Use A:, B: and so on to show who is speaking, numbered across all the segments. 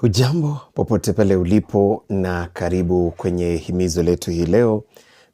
A: Hujambo popote pale ulipo na karibu kwenye himizo letu hii leo.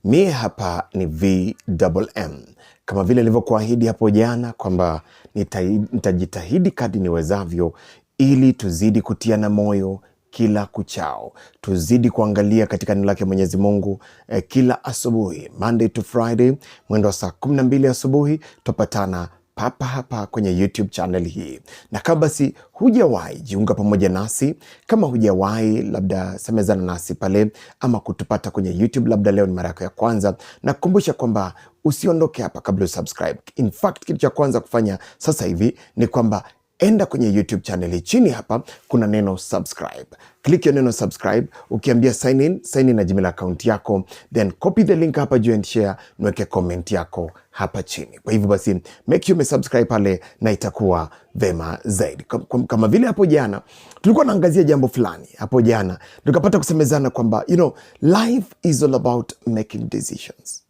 A: Mie hapa ni VMM, kama vile nilivyokuahidi hapo jana kwamba nitajitahidi kadri niwezavyo, ili tuzidi kutiana moyo kila kuchao, tuzidi kuangalia katika neno lake Mwenyezi Mungu eh, kila asubuhi Monday to Friday, mwendo wa saa 12 asubuhi tupatana papa hapa kwenye YouTube channel hii, na kama basi hujawahi jiunga pamoja nasi, kama hujawahi labda semezana nasi pale ama kutupata kwenye YouTube, labda leo ni mara yako ya kwanza, na nakukumbusha kwamba usiondoke hapa kabla usubscribe. In fact, kitu cha kwanza kufanya sasa hivi ni kwamba enda kwenye YouTube channel chini hapa kuna neno subscribe. Click hiyo neno subscribe, ukiambia sign in, sign in na Gmail account yako, then copy the link hapa juu and share, niweke comment yako hapa chini. Kwa hivyo basi make you subscribe pale na itakuwa vema zaidi. Kama vile hapo jana tulikuwa naangazia jambo fulani, hapo jana tukapata kusemezana kwamba you know life is all about making decisions.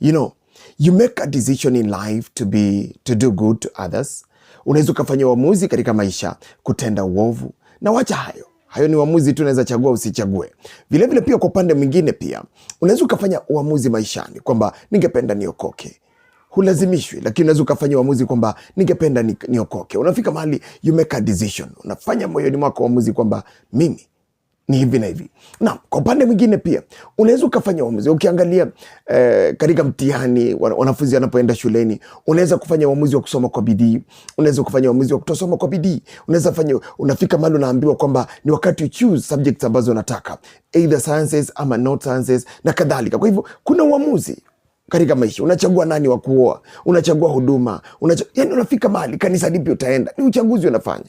A: You know you make a decision in life to be to do good to others Unaweza ukafanya uamuzi katika maisha kutenda uovu na wacha hayo hayo ni uamuzi tu, unaweza chagua usichague. Vilevile pia kwa upande mwingine pia unaweza ukafanya uamuzi maishani kwamba ningependa niokoke. Hulazimishwi, lakini unaweza ukafanya uamuzi kwamba ningependa niokoke. Unafika mahali you make a decision, unafanya moyoni mwako uamuzi kwamba mimi ni hivi na hivi. Na kwa upande mwingine pia unaweza ukafanya uamuzi. Ukiangalia eh, katika mtihani wanafunzi wanapoenda shuleni, unaweza kufanya uamuzi wa kusoma kwa bidii, unaweza kufanya uamuzi wa kutosoma kwa bidii. Unaweza fanya, unafika mahali unaambiwa kwamba ni wakati you choose subjects ambazo unataka either sciences ama not sciences na kadhalika. Kwa hivyo kuna uamuzi katika maisha unachagua nani wa kuoa, unachagua huduma, unachagua, yani unafika mahali kanisa lipi utaenda, ni uchaguzi unafanya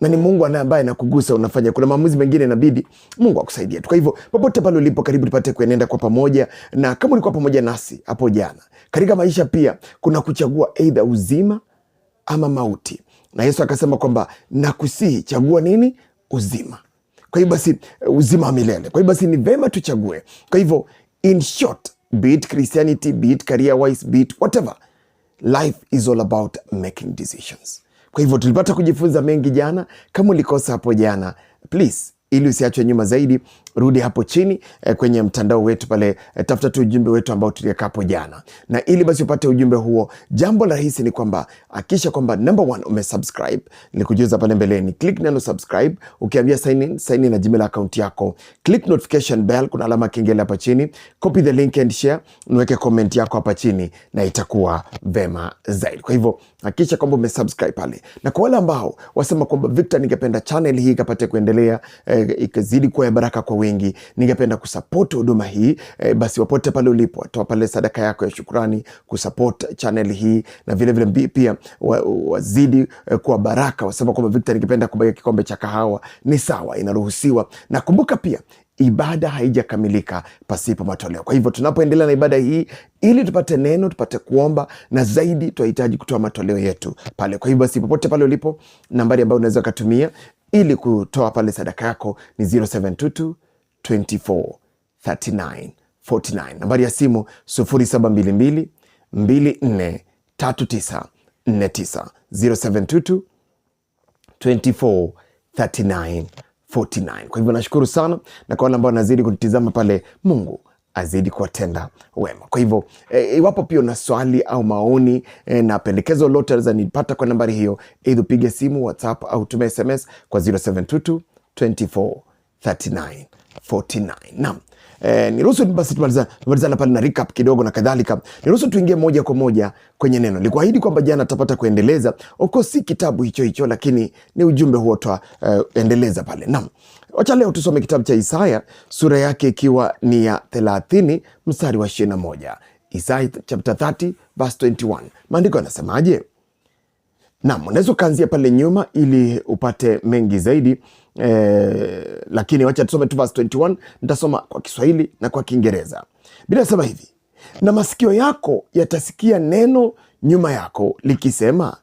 A: na ni Mungu ana ambaye anakugusa unafanya. Kuna maamuzi mengine inabidi Mungu akusaidie tu. Kwa hivyo popote pale ulipo, karibu tupate kuenenda kwa pamoja, na kama ulikuwa pamoja nasi hapo jana, katika maisha pia kuna kuchagua aidha uzima ama mauti, na Yesu akasema kwamba nakusihi, chagua nini? Uzima. Kwa hiyo basi, uzima wa milele. Kwa hiyo basi, ni vema tuchague. Kwa hivyo in short, be it Christianity, be it career wise, be it whatever, life is all about making decisions. Kwa hivyo tulipata kujifunza mengi jana. Kama ulikosa hapo jana, please, ili usiachwe nyuma zaidi, Rudi hapo chini eh, kwenye mtandao wetu pale eh, tafuta tu ujumbe wetu ambao tuliweka hapo jana, na ili basi upate ujumbe huo, jambo la rahisi ni kwamba hakisha kwamba number one umesubscribe. Nilikujuza pale mbeleni, click neno subscribe, ukiambia sign in, sign in na Gmail account yako, click notification bell, kuna alama kengele hapa chini, copy the link and share, niweke comment yako hapa chini na itakuwa vema zaidi. Kwa hivyo hakisha kwamba umesubscribe pale, na kwa wale ambao wasema kwamba Victor, ningependa channel hii ikapate kuendelea eh, ikazidi kuwa baraka kwa wingi. Ningependa kusapoti huduma hii e, basi wapote pale ulipo, toa pale sadaka yako ya shukrani kusapoti channel hii, na vile vile pia wazidi wa eh, kuwa baraka. Wasema kwamba Victor, ningependa kubaki kikombe cha kahawa. Ni sawa, inaruhusiwa Nakumbuka pia ibada haijakamilika pasipo matoleo. Kwa hivyo tunapoendelea na ibada hii, ili tupate neno, tupate kuomba na zaidi, tunahitaji kutoa matoleo yetu pale. Kwa hivyo basi, popote pale ulipo, nambari ambayo unaweza ukatumia ili kutoa pale sadaka yako ni 0722 24 49. Nambari ya simu 0722 24 0722 Kwa hivyo nashukuru sana na kwa wale ambao wanazidi kutizama pale, Mungu azidi kuwatenda wema. Kwa hivyo eh, iwapo e, pia una swali au maoni e, na pendekezo lote aweza nipata kwa nambari hiyo, aidha upige simu WhatsApp au tume SMS kwa 0722 24 39 49. Naam. Eh, niruhusu basi tumalizana pale na recap kidogo na kadhalika. Niruhusu tuingie moja kwa moja kwenye neno. Nilikuahidi kwamba jana tutapata kuendeleza. Of si kitabu hicho hicho lakini ni ujumbe huo tutaendeleza eh, pale. Naam. Wacha leo tusome kitabu cha Isaya sura yake ikiwa ni ya 30 mstari wa 21. Isaya chapter 30 verse 21. Maandiko yanasemaje? Naam, unaweza ukaanzia pale nyuma ili upate mengi zaidi eh, lakini wacha tusome tu verse 21. Nitasoma kwa Kiswahili na kwa Kiingereza. Bila sema hivi, na masikio yako yatasikia neno nyuma yako likisema,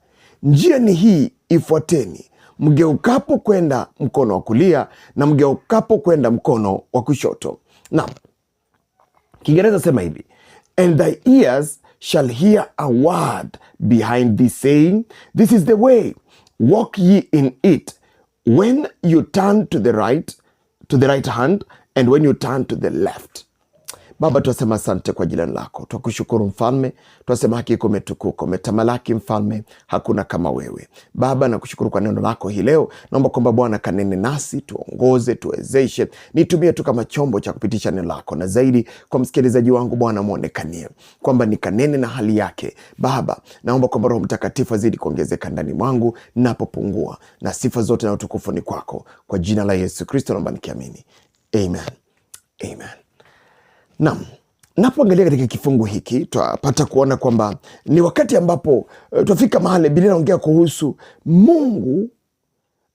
A: njia ni hii ifuateni, mgeukapo kwenda mkono wa kulia na mgeukapo kwenda mkono wa kushoto. Naam, Kiingereza sema hivi, and thy ears shall hear a word behind thee saying, This is the way, walk ye in it. When you turn to the right, to the right hand, and when you turn to the left. Baba, twasema asante kwa jina lako, twakushukuru mfalme, twasema hakika umetukuka, umetamalaki mfalme, hakuna kama wewe. Baba, nakushukuru kwa neno lako hii leo. Naomba kwamba Bwana kanene nasi, tuongoze, tuwezeshe, nitumie tu kama chombo cha kupitisha neno lako, na zaidi kwa msikilizaji wangu Bwana mwonekanie kwamba ni kanene na hali yake. Baba, naomba kwamba Roho Mtakatifu azidi kuongezeka ndani mwangu napopungua, na sifa zote na utukufu ni kwako, kwa jina la Yesu Kristo naomba nikiamini, amen, amen. Naam, napoangalia katika kifungu hiki twapata kuona kwamba ni wakati ambapo eh, twafika mahali Biblia inaongea kuhusu Mungu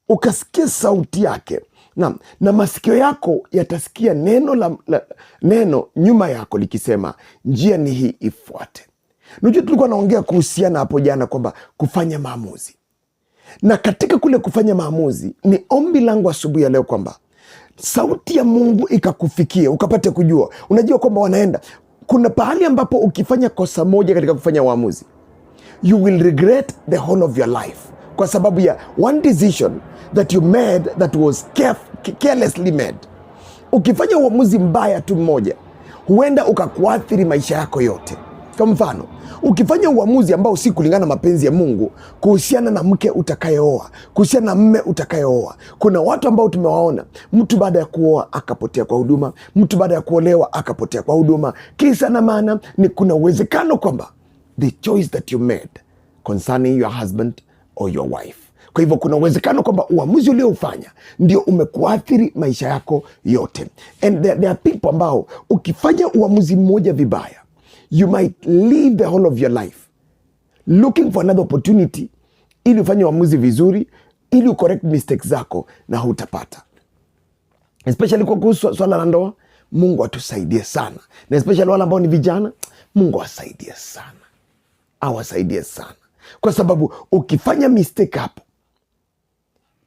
A: ukasikia sauti yake na, na masikio yako yatasikia neno la, la, neno nyuma yako likisema njia ni hii ifuate. Najua tulikuwa naongea kuhusiana hapo jana kwamba kufanya maamuzi, na katika kule kufanya maamuzi ni ombi langu asubuhi ya leo kwamba sauti ya Mungu ikakufikia ukapate kujua, unajua kwamba wanaenda. Kuna pahali ambapo ukifanya kosa moja katika kufanya uamuzi, you will regret the whole of your life, kwa sababu ya one decision that you made that was carelessly made. Ukifanya uamuzi mbaya tu mmoja, huenda ukakuathiri maisha yako yote. Kwa mfano, ukifanya uamuzi ambao si kulingana mapenzi ya Mungu kuhusiana na mke utakayeoa, kuhusiana na mme utakayeoa, kuna watu ambao tumewaona, mtu baada ya kuoa akapotea kwa huduma, mtu baada ya kuolewa akapotea kwa huduma. Kisa na maana ni kuna uwezekano kwamba the choice that you made concerning your husband or your wife kwa hivyo kuna uwezekano kwamba uamuzi uliofanya ndio umekuathiri maisha yako yote, and there, there are people ambao ukifanya uamuzi mmoja vibaya you might live the whole of your life looking for another opportunity ili ufanye uamuzi vizuri, ili ucorrect mistakes zako na hutapata, especially kwa kuhusu swala la ndoa. Mungu atusaidie sana, na especially wale ambao ni vijana, Mungu awasaidie sana, awasaidie sana, kwa sababu ukifanya mistake hapo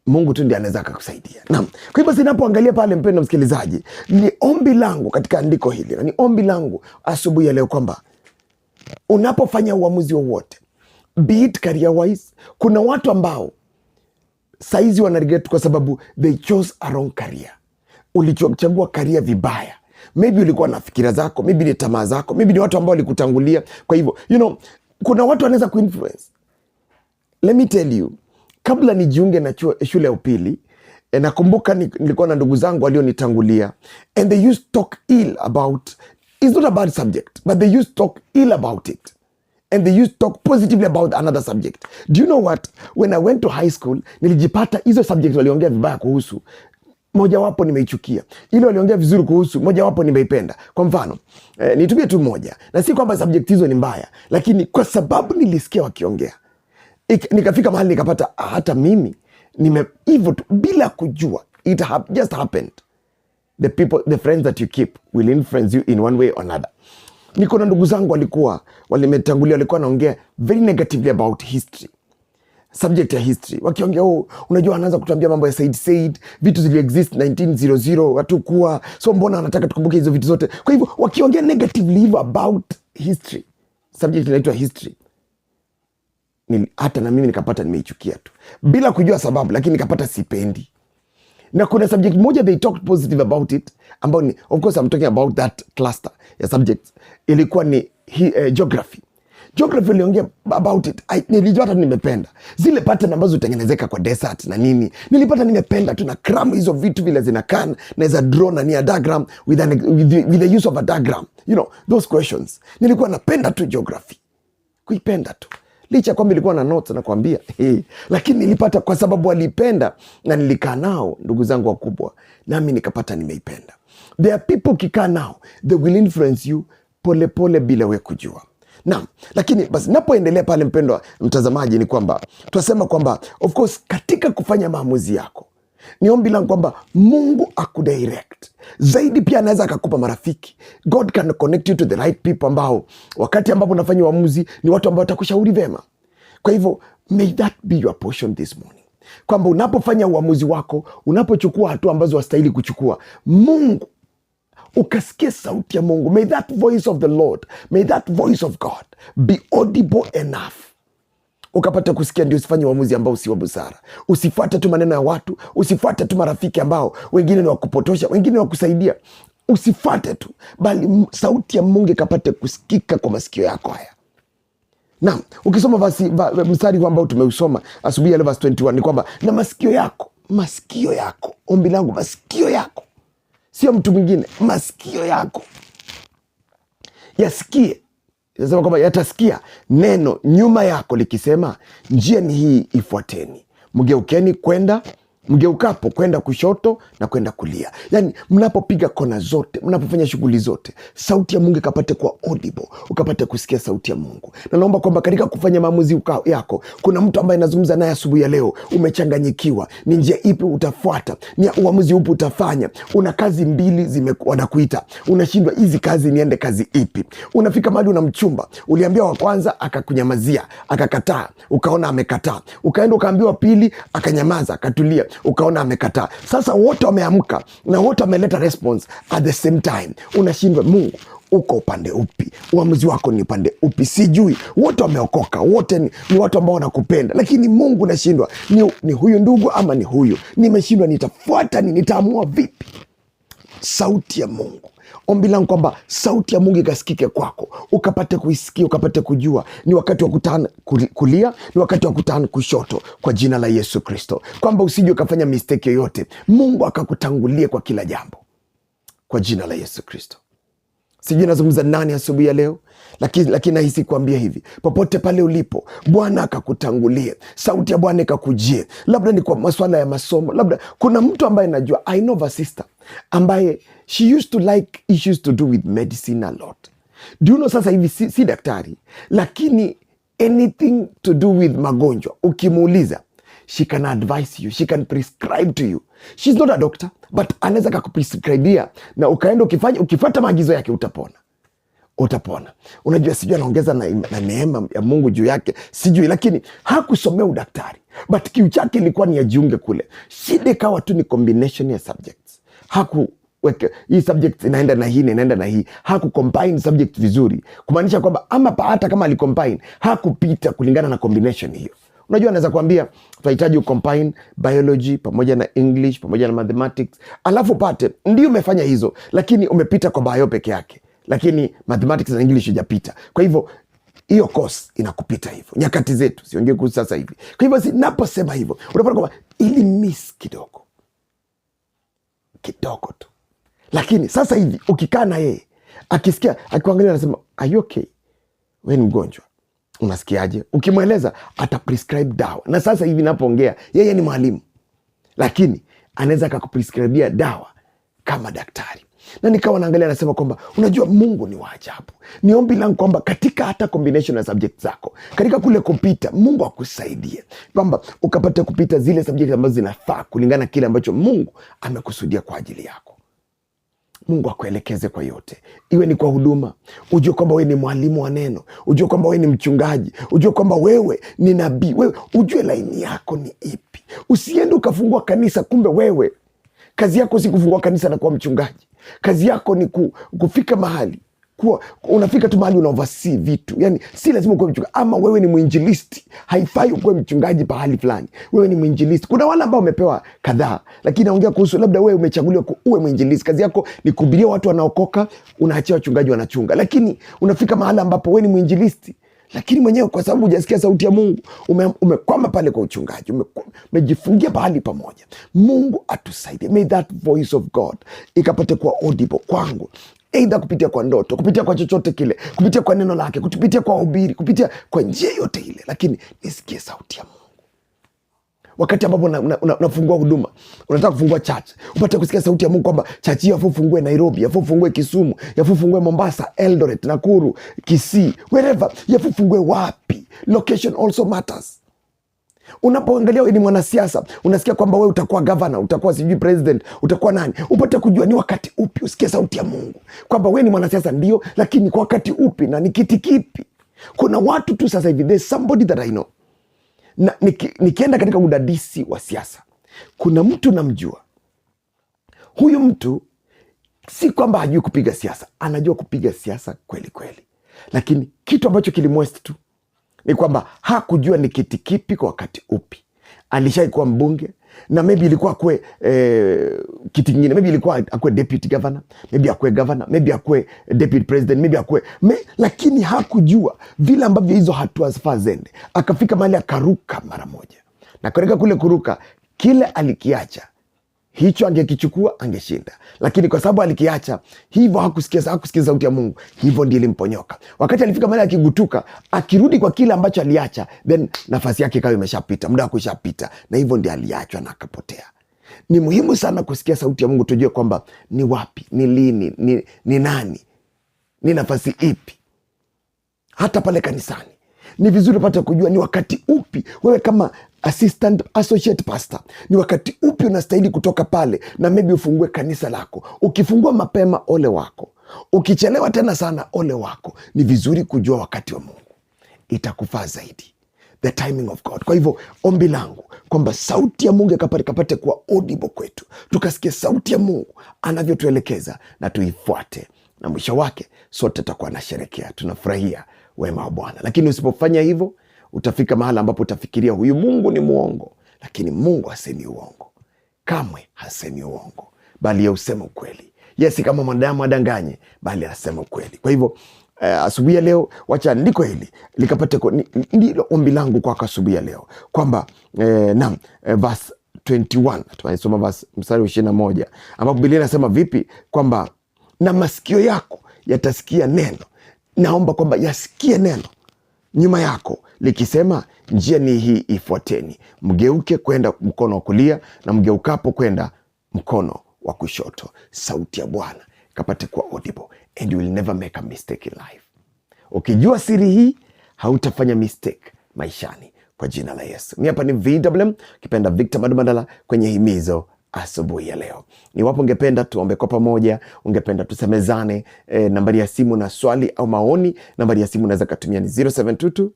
A: Mungu tu ndiye anaweza akakusaidia. Naam. Kwa hivyo sinapoangalia pale, mpendo msikilizaji, ni ombi langu katika andiko hili, ni ombi langu asubuhi ya leo kwamba unapofanya uamuzi wowote be it career wise, kuna watu ambao saizi wana regret kwa sababu they chose a wrong career. Ulichagua career vibaya, maybe ulikuwa na fikira zako, maybe ni tamaa zako, maybe ni watu ambao walikutangulia. Kwa hivyo you know, kuna watu wanaweza kuinfluence. Let me tell you kabla nijiunge na shule ya upili e, nakumbuka nilikuwa na ndugu zangu walionitangulia, and they used talk ill about it's not a bad subject but they used talk ill about it and they used talk positively about another subject. Do you know what, when I went to high school nilijipata hizo subject waliongea vibaya kuhusu mojawapo nimeichukia, ile waliongea vizuri kuhusu mojawapo nimeipenda. Kwa mfano eh, nitumie tu moja, na si kwamba subject hizo ni mbaya, lakini kwa sababu nilisikia wakiongea nikafika mahali nikapata ah, hata mimi nime hivyo tu bila kujua, it ha just happened. The people the friends that you keep will influence you in one way or another. Niko na ndugu zangu walikuwa walimetangulia, walikuwa wanaongea very negatively about history, subject ya history, wakiongea oh, unajua, anaanza kutuambia mambo ya Said Said, vitu zili exist 1900 watu kuwa so, mbona anataka tukumbuke hizo vitu zote? Kwa hivyo wakiongea negatively hivyo about history, subject inaitwa history hata na mimi nikapata nimeichukia tu bila kujua sababu, lakini nikapata sipendi. Na kuna subject moja they talked positive about it, ambao ni of course I'm talking about that cluster ya subjects, ilikuwa ni hi, eh, geography. Geography niliongea about it. I, nilijua hata nimependa zile pattern ambazo hutengenezeka kwa desert na nini, nilipata nimependa tu na cram hizo vitu vile zinakan, naweza draw na ni a diagram with, an, with, the, with the use of a diagram, you know those questions. Nilikuwa napenda tu geography, kuipenda tu licha ya kwamba ilikuwa na notes nakwambia, hey, lakini nilipata kwa sababu alipenda na nilikaa nao ndugu zangu wakubwa, nami nikapata nimeipenda. There are people ukikaa nao they will influence you polepole bila we kujua. Naam, lakini basi napoendelea pale, mpendwa mtazamaji, ni kwamba twasema kwamba of course katika kufanya maamuzi yako ni ombi langu kwamba Mungu akudirect zaidi. Pia anaweza akakupa marafiki, God can connect you to the right people, ambao wakati ambapo unafanya uamuzi ni watu ambao watakushauri vema. Kwa hivyo may that be your portion this morning, kwamba unapofanya uamuzi wako, unapochukua hatua ambazo wastahili kuchukua, Mungu ukasikia sauti ya Mungu. May that voice of the Lord, may that voice of God be audible enough ukapata kusikia, ndio usifanye uamuzi ambao si wa busara. Usifuate tu maneno ya watu, usifuate tu marafiki ambao wengine ni wakupotosha, wengine wakusaidia. Usifuate tu, bali sauti ya Mungu ikapate kusikika kwa masikio yako haya. Na ukisoma vasi, va, mstari huu ambao tumeusoma asubuhi ya leo verse 21 ni kwamba na masikio yako, masikio yako, ombi langu masikio yako, sio mtu mwingine, masikio yako yasikie Nasema kwamba yatasikia neno nyuma yako likisema, njia ni hii, ifuateni, mgeukeni kwenda mgeukapo kwenda kushoto na kwenda kulia, yani mnapopiga kona zote, mnapofanya shughuli zote, sauti ya Mungu ikapate kuwa audible, ukapate kusikia sauti ya Mungu. Na naomba kwamba katika kufanya maamuzi yako, kuna mtu ambaye anazungumza naye asubuhi ya leo, umechanganyikiwa, ni njia ipi utafuata, ni uamuzi upi utafanya? Una kazi mbili wanakuita, unashindwa hizi kazi, niende kazi ipi? Unafika mahali una mchumba, uliambia wa kwanza akakunyamazia, akakataa, ukaona amekataa, ukaenda ukaambiwa pili, akanyamaza, akatulia ukaona amekataa. Sasa wote wameamka na wote wameleta response at the same time, unashindwa Mungu uko upande upi? Uamuzi wako ni upande upi? Sijui. Wote wameokoka, wote ni, ni watu ambao wanakupenda, lakini Mungu nashindwa, ni, ni huyu ndugu ama ni huyu? Nimeshindwa, nitafuata ni nitaamua vipi? Sauti ya Mungu Ombi langu kwamba sauti ya Mungu ikasikike kwako, ukapate kuisikia, ukapate kujua. Ni wakati wa kutan kulia, ni wakati wa kutan kushoto, kwa jina la Yesu Kristo, kwamba usije ukafanya misteki yoyote. Mungu akakutangulie kwa kila jambo, kwa jina la Yesu Kristo. Sijui nazungumza nani asubuhi ya leo, lakini laki nahisi kuambia hivi, popote pale ulipo, Bwana akakutangulie, sauti ya Bwana ikakujie. Labda ni kwa maswala ya masomo, labda kuna mtu ambaye najua, I know a sister ambaye she used to like issues to do with medicine a lot. Do you know, sasa hivi si, si daktari lakini anything to do with magonjwa ukimuuliza she can advise you, she can prescribe to you. She's not a doctor, but anaweza kakuprescribia na ukaenda ukifanya, ukifata maagizo yake utapona, utapona. Unajua, sijui anaongeza na, na neema ya Mungu juu yake, sijui, lakini hakusomea udaktari, but kiu chake ilikuwa ni ajiunge kule. Shida ikawa tu ni combination ya subjects haku Weke, hii subject inaenda na hii inaenda na hii, haku combine subject vizuri, kumaanisha kwamba ama hata kama alicombine hakupita kulingana na combination hiyo. Unajua, anaweza kuambia tunahitaji ucombine biology pamoja na English pamoja na mathematics, alafu pate ndio umefanya hizo, lakini umepita kwa bio peke yake, lakini mathematics na English hujapita. Kwa hivyo hiyo course inakupita hivyo, nyakati zetu, siongee kuhusu sasa hivi. Kwa hivyo naposema hivyo, unapata kwamba ili miss kidogo kidogo tu, lakini sasa hivi ukikaa na yeye akisikia, akikuangalia, anasema are you okay? We ni mgonjwa unasikiaje? Ukimweleza ata prescribe dawa, na sasa hivi napoongea yeye ni mwalimu, lakini anaweza akakuprescribia dawa kama daktari. Na nikawa naangalia, anasema kwamba unajua, Mungu ni wa ajabu. Ni ombi langu kwamba katika hata combination ya subject zako katika kule kupita, Mungu akusaidie kwamba ukapata kupita zile subject ambazo zinafaa kulingana na kile ambacho Mungu amekusudia kwa ajili yako. Mungu akuelekeze kwa yote, iwe ni kwa huduma. Ujue kwamba wewe ni mwalimu wa neno, ujue kwamba wewe ni mchungaji, ujue kwamba wewe ni nabii, wewe ujue laini yako ni ipi. Usiende ukafungua kanisa, kumbe wewe kazi yako si kufungua kanisa na kuwa mchungaji. Kazi yako ni kufika mahali kuwa unafika tu mahali unaovasi vitu, yani si lazima ukuwe mchungaji. Ama wewe ni mwinjilisti, haifai ukuwe mchungaji pahali fulani, wewe ni mwinjilisti. Kuna wale ambao wamepewa kadhaa, lakini naongea kuhusu labda wewe umechaguliwa uwe mwinjilisti, kazi yako ni kuhubiria watu wanaokoka, unaachia wachungaji wanachunga, lakini unafika mahali ambapo wewe ni mwinjilisti lakini mwenyewe kwa sababu hujasikia sauti ya Mungu umekwama ume pale kwa uchungaji umejifungia ume pahali pamoja. Mungu atusaidie, may that voice of God ikapate kuwa audible kwangu, Aidha kupitia kwa ndoto, kupitia kwa chochote kile, kupitia kwa neno lake, kupitia kwa ubiri, kupitia kwa njia yote ile, lakini nisikie sauti ya Mungu. Wakati ambapo unafungua una, una, una huduma, unataka kufungua church, upate kusikia sauti ya Mungu kwamba church hiyo afu ufungue Nairobi, afu ufungue Kisumu, afu ufungue Mombasa, Eldoret, Nakuru, Kisii, wherever, afu ufungue wapi. Location also matters. Unapoangalia ni mwanasiasa, unasikia kwamba wewe utakuwa gavana, utakuwa sijui president, utakuwa nani, upate kujua ni wakati upi usikie sauti ya Mungu kwamba wewe ni mwanasiasa ndio, lakini kwa wakati upi na ni kiti kipi? Kuna watu tu sasa hivi, there's somebody that I know na niki, nikienda katika udadisi wa siasa, kuna mtu namjua huyu mtu si kwamba hajui kupiga siasa, anajua kupiga siasa kweli kweli, lakini kitu ambacho kilimwest tu ni kwamba hakujua ni kiti kipi kwa wakati upi. Alishaikuwa mbunge na maybe ilikuwa akue eh, kiti kingine, maybe ilikuwa akue deputy governor, maybe akue governor, maybe akue deputy president, maybe akue me, lakini hakujua vile ambavyo hizo hatua zifaa zende. Akafika mahali akaruka mara moja, na katika kule kuruka kile alikiacha hicho angekichukua angeshinda, lakini kwa sababu alikiacha hivyo, hakusikia hakusikia sauti ya Mungu, hivyo ndio ilimponyoka. Wakati alifika mahali akigutuka, akirudi kwa kile ambacho aliacha, then nafasi yake ikawa imeshapita, muda wake ushapita, na hivyo ndio aliachwa na akapotea. Ni muhimu sana kusikia sauti ya Mungu, tujue kwamba ni wapi, ni lini, ni, ni nani, ni nafasi ipi. Hata pale kanisani ni vizuri pata kujua ni wakati upi wewe kama assistant associate pastor, ni wakati upi unastahili kutoka pale na maybe ufungue kanisa lako. Ukifungua mapema, ole wako. Ukichelewa tena sana, ole wako. Ni vizuri kujua wakati wa Mungu, itakufaa zaidi the timing of God. Kwa hivyo ombi langu kwamba sauti ya Mungu ikapate kuwa audible kwetu, tukasikia sauti ya Mungu anavyotuelekeza na tuifuate, na mwisho wake sote tutakuwa nasherekea, tunafurahia wema wa Bwana. Lakini usipofanya hivyo Utafika mahala ambapo utafikiria huyu Mungu ni mwongo, lakini Mungu hasemi uongo, kamwe hasemi uongo, bali yeye ukweli. Yesi kama mwanadamu adanganye, bali anasema ukweli. Kwa hivyo Uh, asubuhi ya leo wacha andiko hili likapate, ndilo ombi langu kwako asubuhi ya leo kwamba eh, nam eh, verse 21 tunaisoma verse mstari wa ishirini na moja ambapo Biblia inasema vipi kwamba na masikio yako yatasikia neno. Naomba kwamba yasikie neno nyuma yako likisema njia ni hii, ifuateni, mgeuke kwenda mkono wa kulia, na mgeukapo kwenda mkono wa kushoto. Sauti ya Bwana kapate kuwa audible, and you will never make a mistake in life. Ukijua siri hii hautafanya mistake maishani, kwa jina la Yesu. Mi hapa ni VMM, ukipenda Victor Mandala kwenye himizo asubuhi ya leo. Iwapo ungependa tuombe kwa pamoja, ungependa tusemezane e, nambari ya simu na swali au maoni, nambari ya simu unaweza katumia ni 0722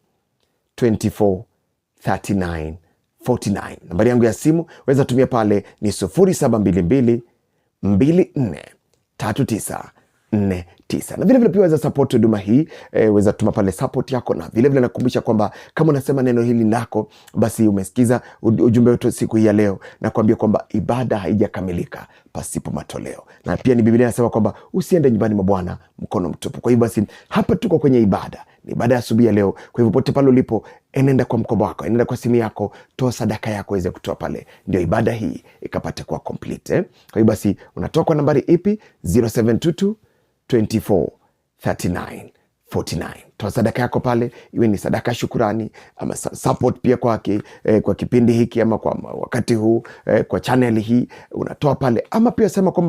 A: 24 Nambari yangu ya simu unaweza tumia pale ni 0722 24 39 nne tisa. Na vile vile pia waweza support huduma hii e, weza tuma pale support yako, na vile vile nakukumbusha kwamba kama unasema neno hili lako, basi umesikiza ujumbe wetu siku hii ya leo, na kuambia kwamba ibada haijakamilika pasipo matoleo, na pia ni Biblia inasema kwamba usiende nyumbani mwa Bwana mkono mtupu. Kwa hivyo basi hapa tuko kwenye ibada ni baada ya asubuhi ya leo. Kwa hivyo pote pale ulipo, enenda kwa mkoba wako, enenda kwa simu yako, toa sadaka yako iweze kutoa pale, ndio ibada hii ikapate kuwa complete eh? Kwa hivyo basi unatoa kwa nambari ipi? 0722 24 Toa sadaka yako pale, iwe ni sadaka shukurani ama support pia kwake eh, kwa kipindi hiki ama kwa wakati huu eh, kwa channel hii unatoa pale, ama pia sema kwamba